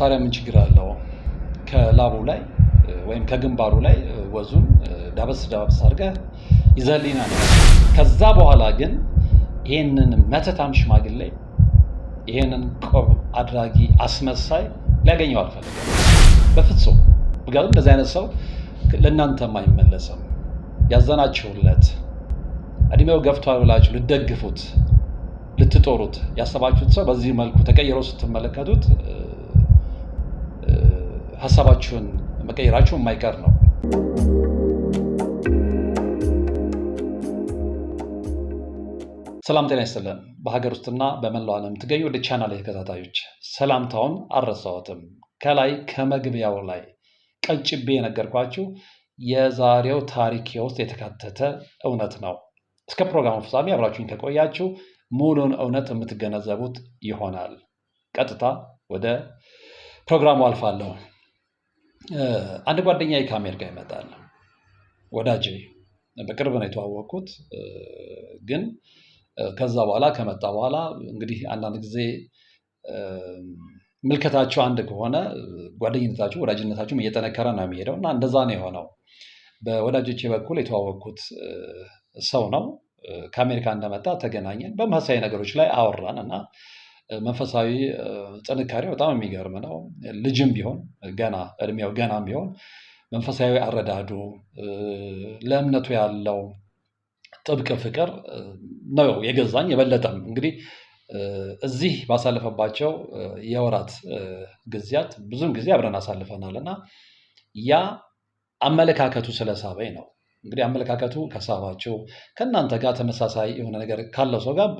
ታዲያ ምን ችግር አለው? ከላቡ ላይ ወይም ከግንባሩ ላይ ወዙን ዳበስ ዳበስ አድርገህ ነው። ከዛ በኋላ ግን ይህንን መተታም ሽማግሌ ይህንን ቆብ አድራጊ አስመሳይ ሊያገኘው አልፈለገም በፍጹም። ምክንያቱም እንደዚህ አይነት ሰው ለእናንተም አይመለስም። ያዘናችሁለት እድሜው ገፍቷል ብላችሁ ልደግፉት ልትጦሩት ያሰባችሁት ሰው በዚህ መልኩ ተቀይሮ ስትመለከቱት ሀሳባችሁን መቀየራችሁ የማይቀር ነው። ሰላም ጤና ይስጥልን። በሀገር ውስጥና በመላው ዓለም የምትገኙ ወደ ቻናል ተከታታዮች ሰላምታውን አልረሳሁትም። ከላይ ከመግቢያው ላይ ቀጭቤ የነገርኳችሁ የዛሬው ታሪክ ውስጥ የተካተተ እውነት ነው። እስከ ፕሮግራሙ ፍጻሜ አብራችሁኝ ከቆያችሁ ሙሉን እውነት የምትገነዘቡት ይሆናል። ቀጥታ ወደ ፕሮግራሙ አልፋለሁ። አንድ ጓደኛ ከአሜሪካ ይመጣል። ወዳጄ በቅርብ ነው የተዋወቅኩት። ግን ከዛ በኋላ ከመጣ በኋላ እንግዲህ አንዳንድ ጊዜ ምልከታቸው አንድ ከሆነ ጓደኝነታችሁ፣ ወዳጅነታችሁም እየጠነከረ ነው የሚሄደው እና እንደዛ ነው የሆነው። በወዳጆቼ በኩል የተዋወቅኩት ሰው ነው። ከአሜሪካ እንደመጣ ተገናኘን። በመሳሳይ ነገሮች ላይ አወራን እና መንፈሳዊ ጥንካሬ በጣም የሚገርም ነው። ልጅም ቢሆን ገና እድሜው ገናም ቢሆን መንፈሳዊ አረዳዱ ለእምነቱ ያለው ጥብቅ ፍቅር ነው የገዛኝ። የበለጠም እንግዲህ እዚህ ባሳለፈባቸው የወራት ጊዜያት ብዙን ጊዜ አብረን አሳልፈናል እና ያ አመለካከቱ ስለሳበኝ ነው እንግዲህ አመለካከቱ ከሳባቸው ከእናንተ ጋር ተመሳሳይ የሆነ ነገር ካለው ሰው ጋር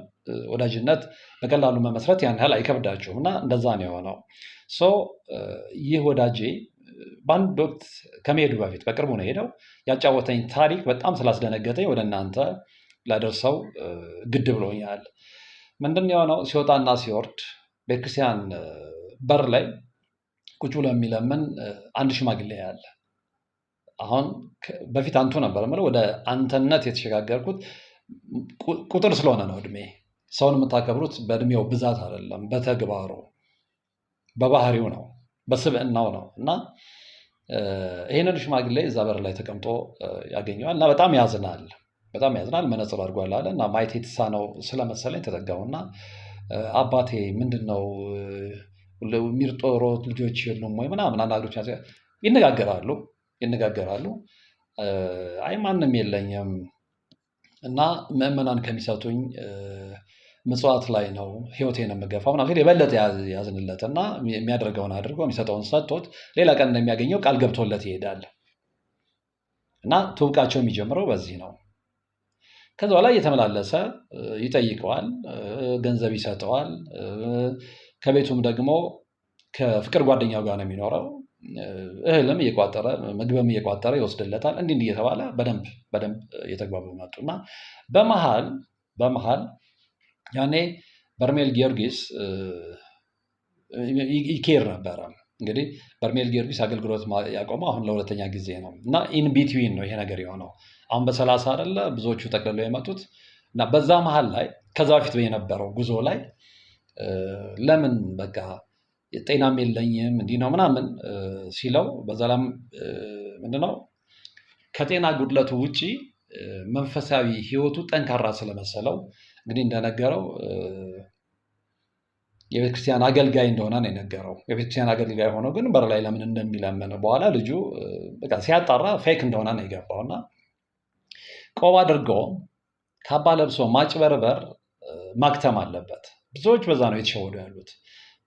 ወዳጅነት በቀላሉ መመስረት ያን ያህል አይከብዳችሁም እና እንደዛ ነው የሆነው። ሶ ይህ ወዳጄ በአንድ ወቅት ከመሄዱ በፊት በቅርቡ ነው ሄደው ያጫወተኝ ታሪክ በጣም ስላስደነገጠኝ ወደ እናንተ ላደርሰው ግድ ብሎኛል። ምንድን የሆነው ሲወጣና ሲወርድ ቤተክርስቲያን በር ላይ ቁጭ ብሎ የሚለምን አንድ ሽማግሌ ያለ አሁን በፊት አንቱ ነበር የምለው ወደ አንተነት የተሸጋገርኩት ቁጥር ስለሆነ ነው። እድሜ ሰውን የምታከብሩት በእድሜው ብዛት አይደለም፣ በተግባሩ በባህሪው ነው፣ በስብዕናው ነው እና ይህንን ሽማግሌ እዛ በር ላይ ተቀምጦ ያገኘዋል እና በጣም ያዝናል፣ በጣም ያዝናል። መነጽር አድርጓል አለ እና ማየት የተሳነው ስለመሰለኝ ተጠጋው እና አባቴ ምንድን ነው የሚርጦሮት ልጆች የሉም ወይ ምናምን አናግሮች ይነጋገራሉ። ይነጋገራሉ። አይ ማንም የለኝም እና ምዕመናን ከሚሰጡኝ ምጽዋት ላይ ነው ህይወቴን የምገፋው ምናምን የበለጠ ያዝንለት እና የሚያደርገውን አድርጎ የሚሰጠውን ሰጥቶት ሌላ ቀን እንደሚያገኘው ቃል ገብቶለት ይሄዳል እና ትውቃቸው የሚጀምረው በዚህ ነው። ከዚ በኋላ እየተመላለሰ ይጠይቀዋል፣ ገንዘብ ይሰጠዋል። ከቤቱም ደግሞ ከፍቅር ጓደኛው ጋር ነው የሚኖረው። እህልም እየቋጠረ ምግብም እየቋጠረ ይወስድለታል እንዲህ እንዲህ እየተባለ በደንብ በደንብ እየተግባቡ መጡ እና በመሃል በመሃል ያኔ በርሜል ጊዮርጊስ ይኬር ነበረ። እንግዲህ በርሜል ጊዮርጊስ አገልግሎት ያቆመው አሁን ለሁለተኛ ጊዜ ነው እና ኢንቢትዊን ነው ይሄ ነገር የሆነው። አሁን በሰላሳ አደለ ብዙዎቹ ጠቅልለው የመጡት እና በዛ መሀል ላይ ከዛ በፊት የነበረው ጉዞ ላይ ለምን በቃ ጤናም የለኝም እንዲህ ነው ምናምን ሲለው በዛላም ምንድነው ከጤና ጉድለቱ ውጪ መንፈሳዊ ህይወቱ ጠንካራ ስለመሰለው እንግዲህ እንደነገረው የቤተክርስቲያን አገልጋይ እንደሆነ ነው የነገረው። የቤተክርስቲያን አገልጋይ ሆኖ ግን በር ላይ ለምን እንደሚለምን በኋላ ልጁ ሲያጣራ ፌክ እንደሆነ ነው የገባው እና ቆብ አድርጎ ካባ ለብሶ ማጭበርበር ማክተም አለበት። ብዙዎች በዛ ነው የተሸወዱ ያሉት።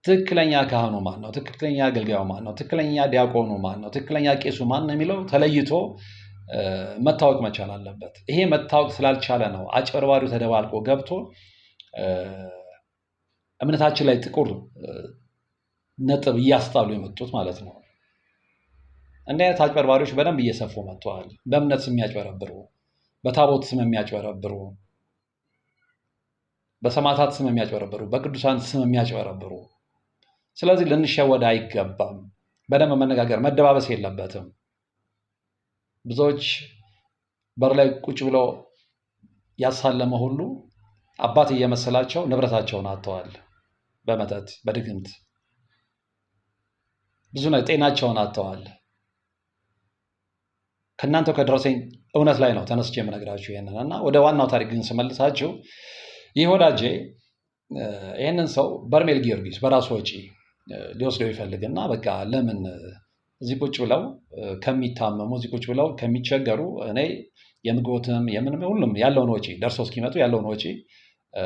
ትክክለኛ ካህኑ ማን ነው? ትክክለኛ አገልጋዩ ማን ነው? ትክክለኛ ዲያቆኑ ማን ነው? ትክክለኛ ቄሱ ማን ነው የሚለው ተለይቶ መታወቅ መቻል አለበት። ይሄ መታወቅ ስላልቻለ ነው አጭበርባሪው ተደባልቆ ገብቶ እምነታችን ላይ ጥቁር ነጥብ እያስጣሉ የመጡት ማለት ነው። እንዲህ አይነት አጭበርባሪዎች በደንብ እየሰፉ መጥተዋል። በእምነት ስም የሚያጭበረብሩ፣ በታቦት ስም የሚያጭበረብሩ፣ በሰማዕታት ስም የሚያጭበረብሩ፣ በቅዱሳን ስም የሚያጭበረብሩ ስለዚህ ልንሸወድ አይገባም። በደንብ መነጋገር መደባበስ የለበትም። ብዙዎች በር ላይ ቁጭ ብሎ ያሳለመ ሁሉ አባት እየመሰላቸው ንብረታቸውን አጥተዋል። በመተት በድግምት ብዙ ነው፣ ጤናቸውን አጥተዋል። ከእናንተ ከደረሰኝ እውነት ላይ ነው ተነስቼ የምነግራችሁ ይህንን እና ወደ ዋናው ታሪክ ግን ስመልሳችሁ ይህ ወዳጄ ይህንን ሰው በርሜል ጊዮርጊስ በራሱ ወጪ ሊወስደው ይፈልግና በቃ ለምን እዚህ ቁጭ ብለው ከሚታመሙ እዚህ ቁጭ ብለው ከሚቸገሩ እኔ የምግቦትም የምንም ሁሉም ያለውን ወጪ ደርሶ እስኪመጡ ያለውን ወጪ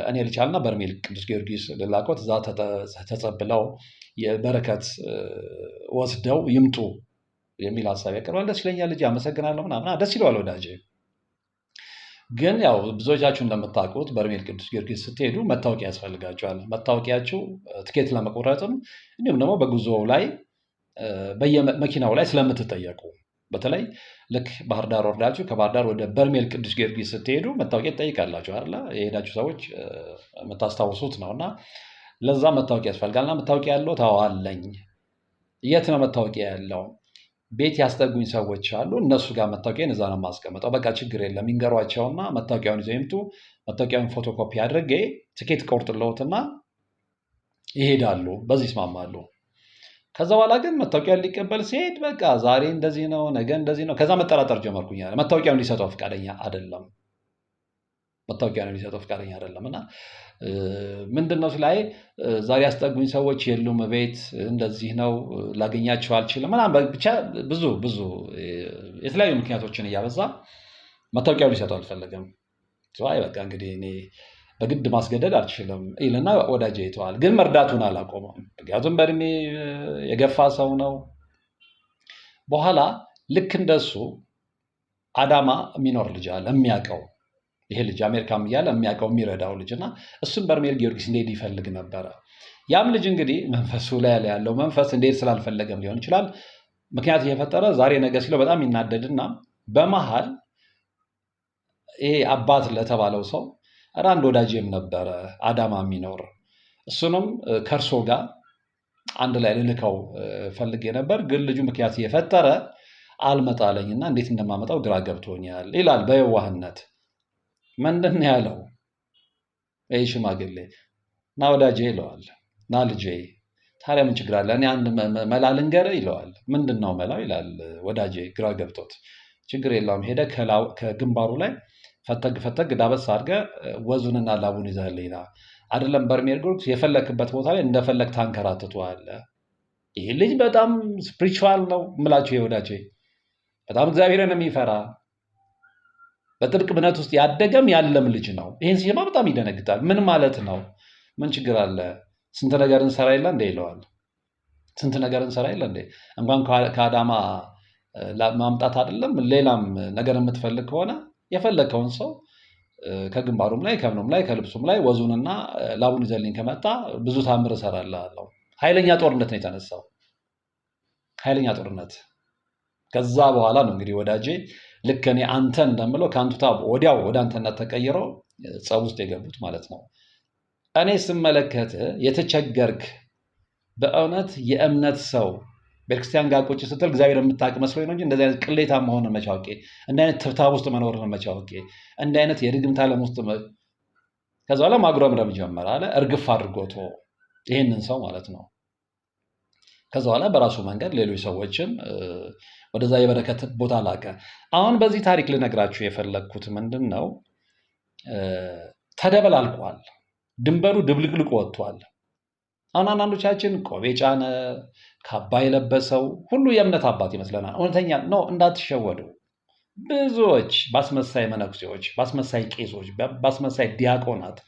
እኔ ልቻልና በርሜል ቅዱስ ጊዮርጊስ ልላኮት እዛ ተጸብለው የበረከት ወስደው ይምጡ የሚል ሀሳብ ያቀርባል። ደስ ይለኛል። ልጅ አመሰግናለሁ ምናምና ደስ ይለዋል ወዳጅ ግን ያው ብዙዎቻችሁ እንደምታውቁት በርሜል ቅዱስ ጊዮርጊስ ስትሄዱ መታወቂያ ያስፈልጋቸዋል። መታወቂያችሁ ትኬት ለመቁረጥም እንዲሁም ደግሞ በጉዞው ላይ በየመኪናው ላይ ስለምትጠየቁ በተለይ ልክ ባህር ዳር ወርዳችሁ ከባህር ዳር ወደ በርሜል ቅዱስ ጊዮርጊስ ስትሄዱ መታወቂያ ትጠይቃላችሁ አለ የሄዳችሁ ሰዎች የምታስታውሱት ነው። እና ለዛ መታወቂያ ያስፈልጋል። እና መታወቂያ ያለው ታዋለኝ የት ነው መታወቂያ ያለው ቤት ያስጠጉኝ ሰዎች አሉ። እነሱ ጋር መታወቂያ እዛ ነው የማስቀምጠው። በቃ ችግር የለም ይንገሯቸውና መታወቂያውን ይዘው ይምጡ። መታወቂያውን ፎቶኮፒ አድርጌ ትኬት ቆርጥለውትና ይሄዳሉ። በዚህ ይስማማሉ። ከዛ በኋላ ግን መታወቂያ ሊቀበል ሲሄድ በቃ ዛሬ እንደዚህ ነው፣ ነገ እንደዚህ ነው። ከዛ መጠራጠር ጀመርኩኛል። መታወቂያውን ሊሰጠው ፈቃደኛ አይደለም። መታወቂያ ነው የሚሰጠው፣ ፈቃደኛ አይደለም እና ምንድን ነው ስላይ ዛሬ ያስጠጉኝ ሰዎች የሉም፣ ቤት እንደዚህ ነው፣ ላገኛቸው አልችልም ምናምን ብቻ ብዙ ብዙ የተለያዩ ምክንያቶችን እያበዛ መታወቂያ ሊሰጠው አልፈለገም። በቃ እንግዲህ እኔ በግድ ማስገደድ አልችልም ይልና ወዳጅ ይተዋል። ግን መርዳቱን አላቆመም፣ ምክንያቱም በእድሜ የገፋ ሰው ነው። በኋላ ልክ እንደሱ አዳማ የሚኖር ልጅ አለ የሚያውቀው ይሄ ልጅ አሜሪካም እያለ የሚያውቀው የሚረዳው ልጅ እና እሱን በርሜል ጊዮርጊስ እንዴት ይፈልግ ነበረ። ያም ልጅ እንግዲህ መንፈሱ ላይ ያለው መንፈስ እንዴት ስላልፈለገም ሊሆን ይችላል ምክንያት እየፈጠረ ዛሬ ነገ ሲለው በጣም ይናደድና በመሀል ይሄ አባት ለተባለው ሰው አንድ ወዳጅም ነበረ አዳማ የሚኖር እሱንም ከእርሶ ጋር አንድ ላይ ልልከው ፈልጌ ነበር፣ ግን ልጁ ምክንያት እየፈጠረ አልመጣለኝና እንዴት እንደማመጣው ግራ ገብቶኛል ይላል በየዋህነት። ምንድን ያለው? ይህ ሽማግሌ ና ወዳጄ ይለዋል። ና ልጄ ታዲያ ምን ችግር አለ? እኔ አንድ መላ ልንገር ይለዋል። ምንድን ነው መላው ይላል ወዳጄ ግራ ገብቶት። ችግር የለውም ሄደ ከግንባሩ ላይ ፈተግ ፈተግ ዳበስ አድርገ ወዙንና ላቡን ይዘህልኝ አይደለም በርሜል የፈለክበት ቦታ ላይ እንደፈለግ ታንከራትተዋለህ። ይህ ልጅ በጣም ስፕሪቹዋል ነው ምላቸው የወዳጄ በጣም እግዚአብሔርን የሚፈራ በጥልቅ እምነት ውስጥ ያደገም ያለም ልጅ ነው። ይህን ሲሰማ በጣም ይደነግጣል። ምን ማለት ነው? ምን ችግር አለ? ስንት ነገር እንሰራ የለ እንደ ይለዋል። ስንት ነገር እንሰራ የለ እንደ እንኳን ከአዳማ ማምጣት አይደለም ሌላም ነገር የምትፈልግ ከሆነ የፈለግከውን ሰው ከግንባሩም ላይ ከምኑም ላይ ከልብሱም ላይ ወዙንና ላቡን ይዘልኝ ከመጣ ብዙ ታምር እሰራለሁ። ኃይለኛ ጦርነት ነው የተነሳው። ኃይለኛ ጦርነት ከዛ በኋላ ነው እንግዲህ ወዳጄ ልክ እኔ አንተ እንደምለው ከአንቱታ ወዲያው ወደ አንተነት ተቀይረው ጸብ ውስጥ የገቡት ማለት ነው። እኔ ስመለከት የተቸገርክ በእውነት የእምነት ሰው ቤተክርስቲያን ጋር ቁጭ ስትል እግዚአብሔር የምታውቅ መስሎኝ ነው እንጂ እንደዚህ አይነት ቅሌታ መሆን መቻወቄ፣ እንደ አይነት ትብታብ ውስጥ መኖር መቻወቄ፣ እንደ አይነት የድግምት ዓለም ውስጥ ከዛ በኋላ ማጉረምረም ጀመረ አለ። እርግፍ አድርጎቶ ይህንን ሰው ማለት ነው። ከዛ በኋላ በራሱ መንገድ ሌሎች ሰዎችም ወደዛ የበረከት ቦታ ላከ። አሁን በዚህ ታሪክ ልነግራችሁ የፈለግኩት ምንድን ነው፣ ተደበላልቋል። ድንበሩ ድብልቅልቅ ወጥቷል። አሁን አንዳንዶቻችን ቆቤ ጫነ፣ ካባ የለበሰው ሁሉ የእምነት አባት ይመስለናል። እውነተኛ ነው፣ እንዳትሸወዱ። ብዙዎች በአስመሳይ መነኩሴዎች፣ በአስመሳይ ቄሶች፣ በአስመሳይ ዲያቆናት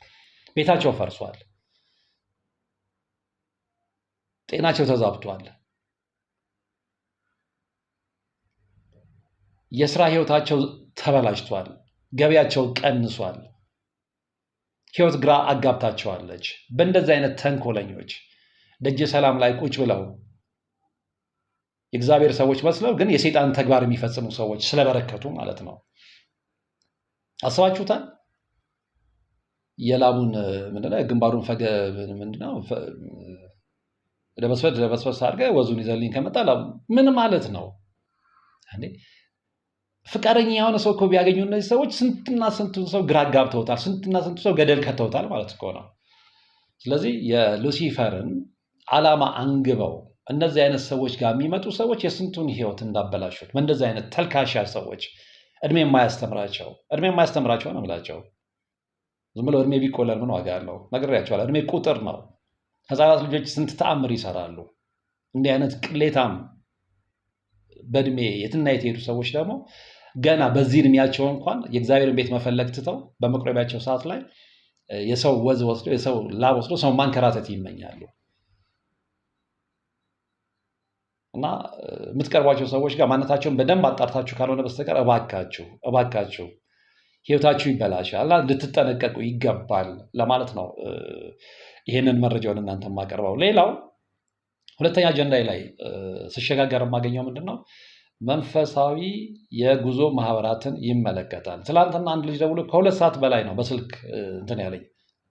ቤታቸው ፈርሷል። ጤናቸው ተዛብቷል። የስራ ህይወታቸው ተበላሽቷል። ገቢያቸው ቀንሷል። ህይወት ግራ አጋብታቸዋለች። በእንደዚህ አይነት ተንኮለኞች ደጀ ሰላም ላይ ቁጭ ብለው የእግዚአብሔር ሰዎች መስለው ግን የሰይጣን ተግባር የሚፈጽሙ ሰዎች ስለበረከቱ ማለት ነው። አስባችሁታል? የላቡን ምንድን ነው ግንባሩን ፈገ ምንድን ነው ለመስፈድ ደበስበስ አድርገህ ወዙን ይዘልኝ ከመጣ ምን ማለት ነው? ፍቃደኛ የሆነ ሰው እኮ ቢያገኙ እነዚህ ሰዎች ስንትና ስንቱ ሰው ግራ ጋብተውታል ስንትና ስንቱ ሰው ገደል ከተውታል ማለት እኮ ነው። ስለዚህ የሉሲፈርን ዓላማ አንግበው እነዚህ አይነት ሰዎች ጋር የሚመጡ ሰዎች የስንቱን ህይወት እንዳበላሹት በእንደዚህ አይነት ተልካሻ ሰዎች እድሜ የማያስተምራቸው እድሜ የማያስተምራቸው ነው የምላቸው። ዝም ብሎ እድሜ ቢቆለል ምን ዋጋ አለው? ነግሬያቸዋለሁ። እድሜ ቁጥር ነው። ህፃናት ልጆች ስንት ተአምር ይሰራሉ። እንዲህ አይነት ቅሌታም በእድሜ የትና የተሄዱ ሰዎች ደግሞ ገና በዚህ እድሜያቸው እንኳን የእግዚአብሔርን ቤት መፈለግ ትተው በመቁረቢያቸው ሰዓት ላይ የሰው ወዝ ወስዶ የሰው ላብ ወስዶ ሰው ማንከራተት ይመኛሉ። እና የምትቀርቧቸው ሰዎች ጋር ማነታቸውን በደንብ አጣርታችሁ ካልሆነ በስተቀር እባካችሁ እባካችሁ ህይወታችሁ ይበላሻል እና ልትጠነቀቁ ይገባል ለማለት ነው። ይህንን መረጃውን እናንተ የማቀርበው። ሌላው ሁለተኛ አጀንዳ ላይ ስሸጋገር የማገኘው ምንድን ነው? መንፈሳዊ የጉዞ ማህበራትን ይመለከታል። ትላንትና አንድ ልጅ ደውሎ ከሁለት ሰዓት በላይ ነው በስልክ እንትን ያለኝ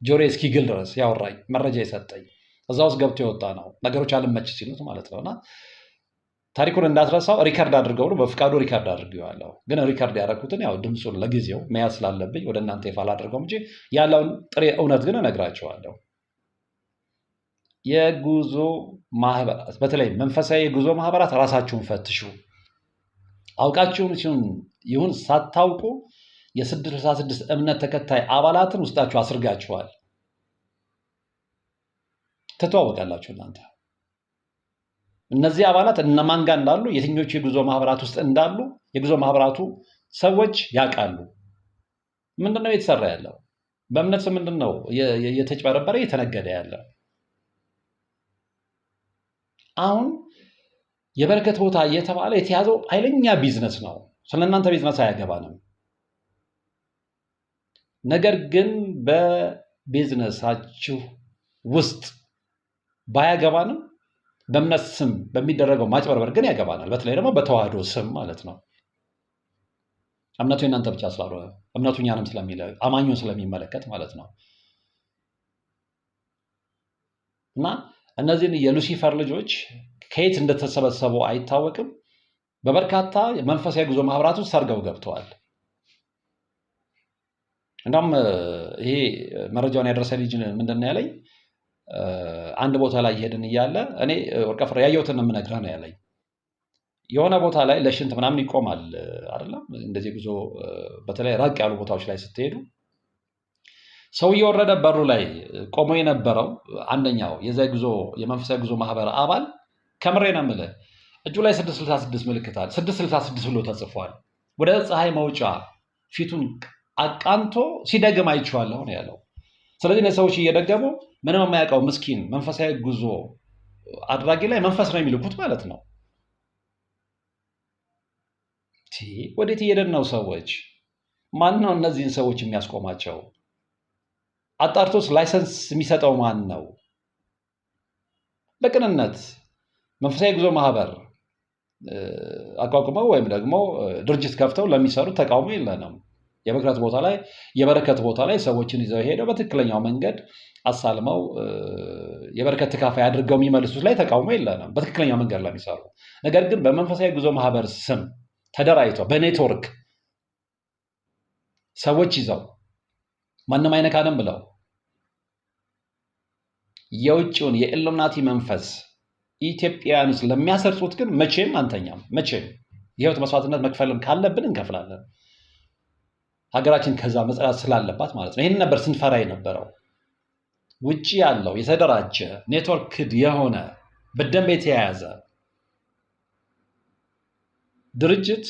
ጆሮዬ እስኪግል ድረስ ያወራኝ መረጃ የሰጠኝ እዛ ውስጥ ገብቶ የወጣ ነው። ነገሮች አልመች ሲሉት ማለት ነው። እና ታሪኩን እንዳትረሳው ሪከርድ አድርገው ብሎ በፍቃዱ ሪከርድ አድርጌዋለሁ። ግን ሪከርድ ያደረኩትን ያው ድምፁን ለጊዜው መያዝ ስላለብኝ ወደ እናንተ ይፋ አላደርገውም እንጂ ያለውን ጥሬ እውነት ግን እነግራቸዋለሁ። የጉዞ ማህበራት በተለይ መንፈሳዊ የጉዞ ማህበራት ራሳችሁን ፈትሹ። አውቃችሁም ሲሆን ይሁን ሳታውቁ የ666 እምነት ተከታይ አባላትን ውስጣችሁ አስርጋችኋል። ትተዋወቃላችሁ እናንተ እነዚህ አባላት እነማን ጋር እንዳሉ የትኞቹ የጉዞ ማህበራት ውስጥ እንዳሉ የጉዞ ማህበራቱ ሰዎች ያውቃሉ። ምንድነው ነው እየተሰራ ያለው? በእምነት ምንድነው ነው እየተነገደ ያለው? አሁን የበረከት ቦታ እየተባለ የተያዘው ኃይለኛ ቢዝነስ ነው። ስለ እናንተ ቢዝነስ አያገባንም። ነገር ግን በቢዝነሳችሁ ውስጥ ባያገባንም በእምነት ስም በሚደረገው ማጭበርበር ግን ያገባናል። በተለይ ደግሞ በተዋህዶ ስም ማለት ነው። እምነቱ የእናንተ ብቻ ስላልሆነ እምነቱ እኛንም አማኙን ስለሚመለከት ማለት ነው እና እነዚህን የሉሲፈር ልጆች ከየት እንደተሰበሰቡ አይታወቅም። በበርካታ መንፈሳዊ ጉዞ ማህበራት ውስጥ ሰርገው ገብተዋል። እንም ይሄ መረጃውን ያደረሰ ልጅ ምንድን ነው ያለኝ፣ አንድ ቦታ ላይ ይሄድን እያለ እኔ ወርቀፍሬ ያየሁትን የምነግርህ ነው ያለኝ። የሆነ ቦታ ላይ ለሽንት ምናምን ይቆማል አይደለም? እንደዚህ ጉዞ በተለይ ራቅ ያሉ ቦታዎች ላይ ስትሄዱ ሰው እየወረደ በሩ ላይ ቆሞ የነበረው አንደኛው የዛ ጉዞ የመንፈሳዊ ጉዞ ማህበር አባል ከምሬ ነው የምልህ እጁ ላይ 666 ምልክት አለ። 666 ብሎ ተጽፏል። ወደ ፀሐይ መውጫ ፊቱን አቃንቶ ሲደግም አይቼዋለሁ ነው ያለው። ስለዚህ ሰዎች እየደገሙ ምንም የማያውቀው ምስኪን መንፈሳዊ ጉዞ አድራጊ ላይ መንፈስ ነው የሚልኩት ማለት ነው። ወዴት እየሄድን ነው? ሰዎች ማን ነው እነዚህን ሰዎች የሚያስቆማቸው? አጣርቶስ ላይሰንስ የሚሰጠው ማን ነው? በቅንነት መንፈሳዊ ጉዞ ማህበር አቋቁመው ወይም ደግሞ ድርጅት ከፍተው ለሚሰሩ ተቃውሞ የለንም። የበረከት ቦታ ላይ የበረከት ቦታ ላይ ሰዎችን ይዘው ሄደው በትክክለኛው መንገድ አሳልመው የበረከት ተካፋይ አድርገው የሚመልሱት ላይ ተቃውሞ የለንም፣ በትክክለኛው መንገድ ለሚሰሩ። ነገር ግን በመንፈሳዊ ጉዞ ማህበር ስም ተደራጅቶ በኔትወርክ ሰዎች ይዘው ማንም አይነካንም ብለው የውጭውን የኢሉምናቲ መንፈስ ኢትዮጵያውያን ውስጥ ለሚያሰርጹት ግን መቼም አንተኛም። መቼም የህይወት መስዋዕትነት መክፈልም ካለብን እንከፍላለን። ሀገራችን ከዛ መጽዳት ስላለባት ማለት ነው። ይህን ነበር ስንፈራ የነበረው። ውጭ ያለው የተደራጀ ኔትወርክድ የሆነ በደንብ የተያያዘ ድርጅት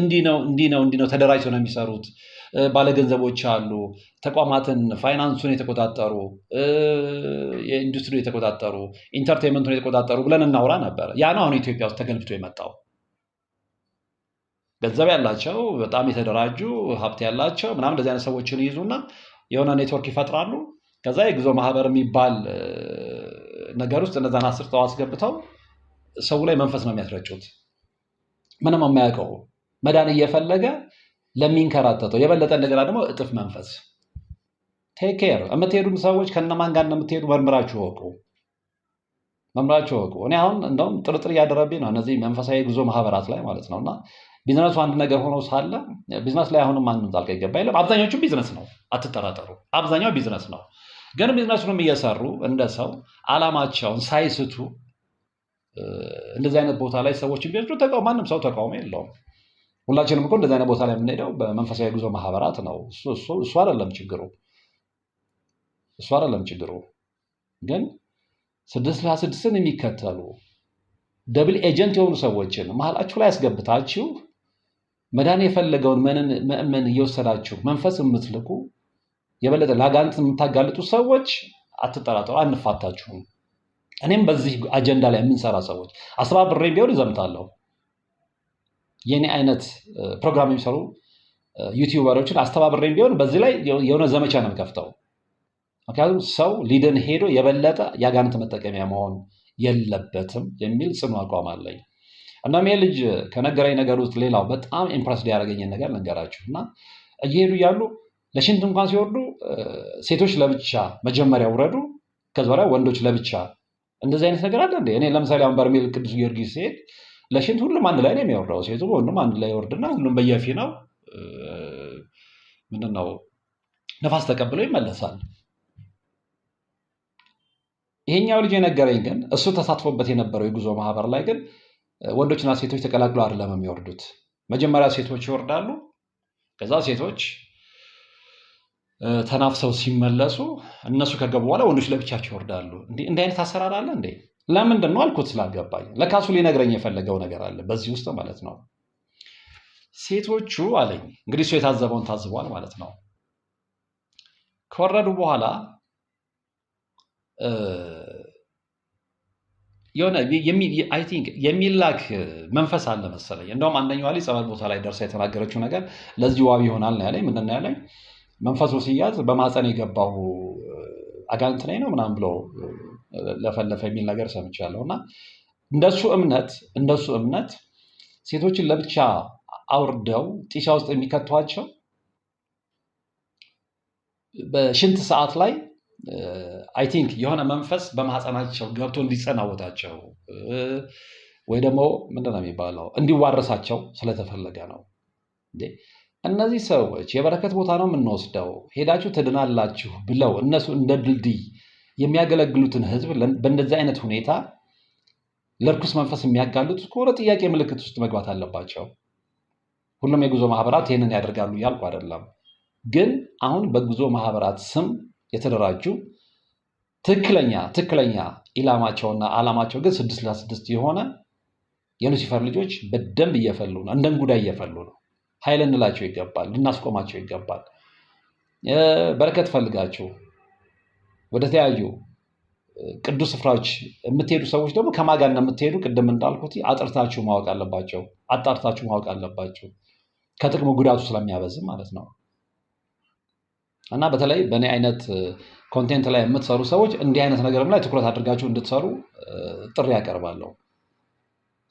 እንዲህ ነው እንዲህ ነው እንዲህ ነው ተደራጅቶ ነው የሚሰሩት ባለገንዘቦች አሉ፣ ተቋማትን ፋይናንሱን የተቆጣጠሩ የኢንዱስትሪ የተቆጣጠሩ ኢንተርቴንመንቱን የተቆጣጠሩ ብለን እናውራ ነበር። ያ ነው አሁን ኢትዮጵያ ውስጥ ተገልብቶ የመጣው። ገንዘብ ያላቸው በጣም የተደራጁ ሀብት ያላቸው ምናምን እንደዚህ አይነት ሰዎችን ይይዙና የሆነ ኔትወርክ ይፈጥራሉ። ከዛ የጉዞ ማህበር የሚባል ነገር ውስጥ እነዛን አስር ጠዋ አስገብተው ሰው ላይ መንፈስ ነው የሚያስረጩት። ምንም የማያውቀው መዳን እየፈለገ ለሚንከራተተው የበለጠ እንደገና ደግሞ እጥፍ መንፈስ ቴክ ኬር። ሰዎች ከነማን ጋር እንደምትሄዱ መርምራችሁ ወቁ፣ መርምራችሁ ወቁ። እኔ አሁን እንደውም ጥርጥር እያደረብኝ ነው እነዚህ መንፈሳዊ ጉዞ ማህበራት ላይ ማለት ነው እና ቢዝነሱ አንድ ነገር ሆኖ ሳለ ቢዝነስ ላይ አሁንም ማንም ጣልቃ ይገባ የለም። አብዛኛዎቹ ቢዝነስ ነው፣ አትጠራጠሩ። አብዛኛው ቢዝነስ ነው። ግን ቢዝነሱንም እየሰሩ እንደ ሰው አላማቸውን ሳይስቱ እንደዚህ አይነት ቦታ ላይ ሰዎች ቢወጡ ማንም ሰው ተቃውሞ የለውም። ሁላችንም እኮ እንደዚህ አይነት ቦታ ላይ የምንሄደው በመንፈሳዊ ጉዞ ማህበራት ነው። እሱ አይደለም ችግሩ፣ እሱ አይደለም ችግሩ። ግን ስድስት ሃያ ስድስትን የሚከተሉ ደብል ኤጀንት የሆኑ ሰዎችን መሀላችሁ ላይ ያስገብታችሁ መዳን የፈለገውን ምእመን እየወሰዳችሁ መንፈስ የምትልኩ የበለጠ ለአጋንንት የምታጋልጡ ሰዎች አትጠራጠሩ፣ አንፋታችሁም። እኔም በዚህ አጀንዳ ላይ የምንሰራ ሰዎች አስራ ቢሆን ይዘምታለሁ። የኔ አይነት ፕሮግራም የሚሰሩ ዩቲዩበሮችን አስተባብሬ ቢሆን በዚህ ላይ የሆነ ዘመቻ ነው የምከፍተው። ምክንያቱም ሰው ሊድን ሄዶ የበለጠ የአጋንንት መጠቀሚያ መሆን የለበትም የሚል ጽኑ አቋም አለኝ። እናም ይሄ ልጅ ከነገረኝ ነገር ውስጥ ሌላው በጣም ኢምፕረስድ ያደረገኝ ነገር ነገራችሁ እና እየሄዱ እያሉ ለሽንት እንኳን ሲወርዱ ሴቶች ለብቻ መጀመሪያ ውረዱ፣ ከዛ ወንዶች ለብቻ። እንደዚህ አይነት ነገር አለ እንዴ? እኔ ለምሳሌ አሁን በርሜል ቅዱስ ጊዮርጊስ ሲሄድ ለሽንት ሁሉም አንድ ላይ ነው የሚወርደው። ሴቱ ወንዱም አንድ ላይ ይወርድና ሁሉም በየፊናው ነው ነፋስ ተቀብሎ ይመለሳል። ይሄኛው ልጅ የነገረኝ ግን እሱ ተሳትፎበት የነበረው የጉዞ ማህበር ላይ ግን ወንዶችና ሴቶች ተቀላቅሎ አይደለም የሚወርዱት። መጀመሪያ ሴቶች ይወርዳሉ። ከዛ ሴቶች ተናፍሰው ሲመለሱ እነሱ ከገቡ በኋላ ወንዶች ለብቻቸው ይወርዳሉ። እንዲህ አይነት አሰራር አለ እንዴ? ለምንድን ነው አልኩት። ስላልገባኝ ለካሱ ሊነግረኝ የፈለገው ነገር አለ በዚህ ውስጥ ማለት ነው። ሴቶቹ አለኝ እንግዲህ እሱ የታዘበውን ታዝቧል ማለት ነው። ከወረዱ በኋላ የሆነ አይ ቲንክ የሚላክ መንፈስ አለ መሰለኝ። እንደውም አንደኛዋ ላይ ጸበል ቦታ ላይ ደርሳ የተናገረችው ነገር ለዚህ ዋቢ ይሆናል ነው ያለኝ። ምንድን ነው ያለኝ? መንፈሱ ሲያዝ በማፀን የገባው አጋንንት ላይ ነው ምናምን ብለው ለፈለፈ የሚል ነገር ሰምቻለሁ እና እንደሱ እምነት እንደሱ እምነት ሴቶችን ለብቻ አውርደው ጢሻ ውስጥ የሚከቷቸው በሽንት ሰዓት ላይ አይ ቲንክ የሆነ መንፈስ በማህፀናቸው ገብቶ እንዲጸናወታቸው ወይ ደግሞ ምንድን ነው የሚባለው እንዲዋረሳቸው ስለተፈለገ ነው። እነዚህ ሰዎች የበረከት ቦታ ነው የምንወስደው ሄዳችሁ ትድናላችሁ ብለው እነሱ እንደ ድልድይ የሚያገለግሉትን ህዝብ በእንደዚህ አይነት ሁኔታ ለርኩስ መንፈስ የሚያጋሉት ከሆነ ጥያቄ ምልክት ውስጥ መግባት አለባቸው። ሁሉም የጉዞ ማህበራት ይህንን ያደርጋሉ እያልኩ አይደለም። ግን አሁን በጉዞ ማህበራት ስም የተደራጁ ትክክለኛ ትክክለኛ ኢላማቸውና አላማቸው ግን ስድስት ለስድስት የሆነ የሉሲፈር ልጆች በደንብ እየፈሉ ነው። እንደ እንጉዳይ እየፈሉ ነው። ኃይል እንላቸው ይገባል። ልናስቆማቸው ይገባል። በረከት ፈልጋችሁ ወደ ተለያዩ ቅዱስ ስፍራዎች የምትሄዱ ሰዎች ደግሞ ከማን የምትሄዱ እንደምትሄዱ ቅድም እንዳልኩት አጥርታችሁ ማወቅ አለባቸው፣ አጣርታችሁ ማወቅ አለባቸው። ከጥቅሙ ጉዳቱ ስለሚያበዝ ማለት ነው። እና በተለይ በእኔ አይነት ኮንቴንት ላይ የምትሰሩ ሰዎች እንዲህ አይነት ነገርም ላይ ትኩረት አድርጋችሁ እንድትሰሩ ጥሪ ያቀርባለሁ።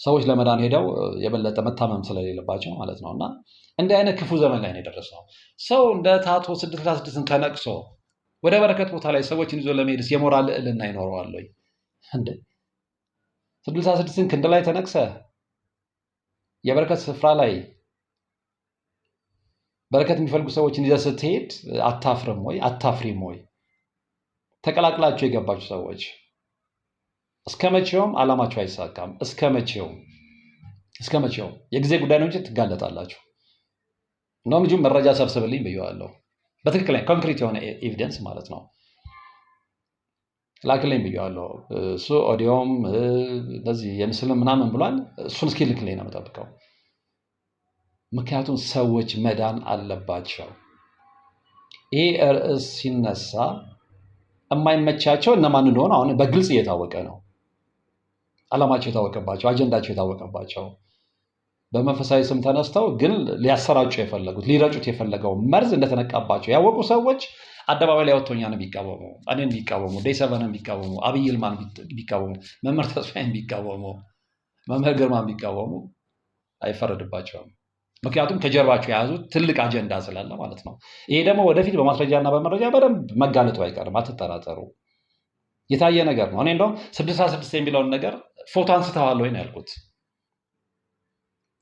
ሰዎች ለመዳን ሄደው የበለጠ መታመም ስለሌለባቸው ማለት ነው። እና እንዲህ አይነት ክፉ ዘመን ላይ ነው የደረስነው። ሰው እንደ ታቶ ስድስት ስድስትን ተነቅሶ ወደ በረከት ቦታ ላይ ሰዎችን ይዞ ለመሄድስ የሞራል ልዕልና ይኖረዋል ወይ? እንደ ስድሳ ስድስትን ክንድ ላይ ተነቅሰ የበረከት ስፍራ ላይ በረከት የሚፈልጉ ሰዎችን ይዘህ ስትሄድ አታፍርም ወይ? አታፍሪም ወይ? ተቀላቅላችሁ የገባችሁ ሰዎች እስከ መቼውም ዓላማችሁ አይሳካም። እስከ መቼውም እስከ መቼውም የጊዜ ጉዳይ ነው እንጂ ትጋለጣላችሁ። እንደውም ልጁም መረጃ ሰብስብልኝ ብየዋለሁ። በትክክለኛ ኮንክሪት የሆነ ኤቪደንስ e- ማለት ነው። ላክልኝ ብያዋለሁ። እሱ ኦዲዮም እንደዚህ የምስል ምናምን ብሏል። እሱን እስኪ ላይ ነው የምጠብቀው። ምክንያቱም ሰዎች መዳን አለባቸው። ይህ ርዕስ ሲነሳ የማይመቻቸው እነማን እንደሆነ አሁን በግልጽ እየታወቀ ነው። አላማቸው የታወቀባቸው፣ አጀንዳቸው የታወቀባቸው በመንፈሳዊ ስም ተነስተው ግን ሊያሰራጩ የፈለጉት ሊረጩት የፈለገው መርዝ እንደተነቃባቸው ያወቁ ሰዎች አደባባይ ላይ ወጥቶኛን ቢቃወሙ፣ እኔን ቢቃወሙ፣ ዴሰበንን ቢቃወሙ፣ አብይ ይልማን ቢቃወሙ፣ መምህር ተስፋዬን ቢቃወሙ፣ መምህር ግርማን ቢቃወሙ አይፈረድባቸውም። ምክንያቱም ከጀርባቸው የያዙት ትልቅ አጀንዳ ስላለ ማለት ነው። ይሄ ደግሞ ወደፊት በማስረጃና በመረጃ በደንብ መጋለጡ አይቀርም። አትጠራጠሩ። የታየ ነገር ነው። እኔ እንደውም ስድሳ ስድስት የሚለውን ነገር ፎቶ አንስተዋል ወይ ነው ያልኩት።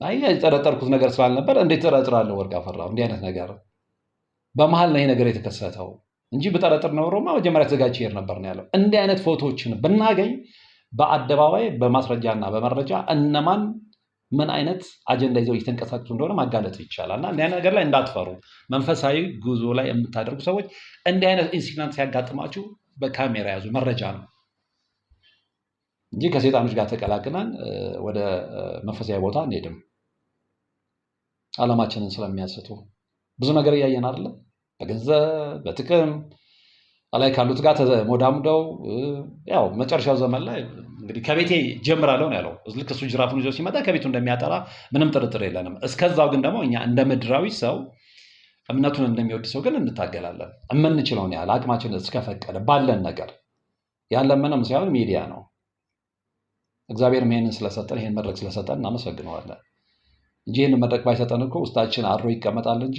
አይ የጠረጠርኩት ነገር ስላልነበር እንዴት ጠረጥራለሁ? ወርቅ አፈራው እንዲህ አይነት ነገር በመሀል ነው ይሄ ነገር የተከሰተው እንጂ ብጠረጥር ኖሮማ መጀመሪያ ተዘጋጅ ይሄድ ነበር ነው ያለው። እንዲህ አይነት ፎቶዎችን ብናገኝ በአደባባይ በማስረጃና በመረጃ እነማን ምን አይነት አጀንዳ ይዘው እየተንቀሳቀሱ እንደሆነ ማጋለጥ ይቻላል። እና እንዲህ ነገር ላይ እንዳትፈሩ። መንፈሳዊ ጉዞ ላይ የምታደርጉ ሰዎች እንዲህ አይነት ኢንሲደንት ሲያጋጥማችሁ በካሜራ ያዙ፣ መረጃ ነው እንጂ ከሴጣኖች ጋር ተቀላቅለን ወደ መንፈሳዊ ቦታ እንሄድም? ዓላማችንን ስለሚያስቱ ብዙ ነገር እያየን አይደለ? በገንዘብ በጥቅም ላይ ካሉት ጋር ተሞዳምደው ያው መጨረሻው ዘመን ላይ እንግዲህ ከቤቴ ጀምራለሁ ነው ያለው። ልክ እሱ ጅራፉን ይዞ ሲመጣ ከቤቱ እንደሚያጠራ ምንም ጥርጥር የለንም። እስከዛው ግን ደግሞ እኛ እንደ ምድራዊ ሰው እምነቱን እንደሚወድ ሰው ግን እንታገላለን። የምንችለውን ያህል አቅማችን እስከፈቀደ ባለን ነገር ያለ ምንም ሳይሆን ሚዲያ ነው። እግዚአብሔር ይሄንን ስለሰጠን ይሄን መድረክ ስለሰጠን እናመሰግነዋለን። እንጂ ይህን መድረክ ባይሰጠን እኮ ውስጣችን አድሮ ይቀመጣል እንጂ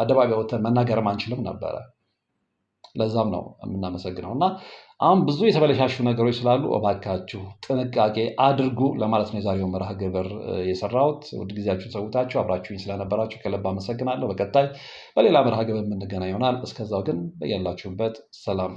አደባባይ ወተን መናገርም አንችልም ነበረ። ለዛም ነው የምናመሰግነው እና አሁን ብዙ የተበለሻሹ ነገሮች ስላሉ እባካችሁ ጥንቃቄ አድርጉ ለማለት ነው የዛሬው መርሃ ግብር የሰራሁት። ውድ ጊዜያችሁን ሰውታችሁ አብራችሁኝ ስለነበራችሁ ከልብ አመሰግናለሁ። በቀጣይ በሌላ መርሃ ግብር የምንገናኝ ይሆናል። እስከዛው ግን በያላችሁበት ሰላም